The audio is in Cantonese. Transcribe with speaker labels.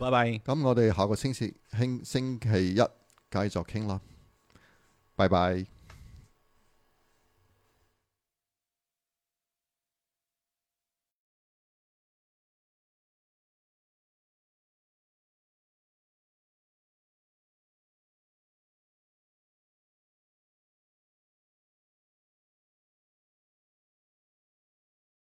Speaker 1: 拜拜，咁我哋下個星期星星期一繼續傾啦，拜拜。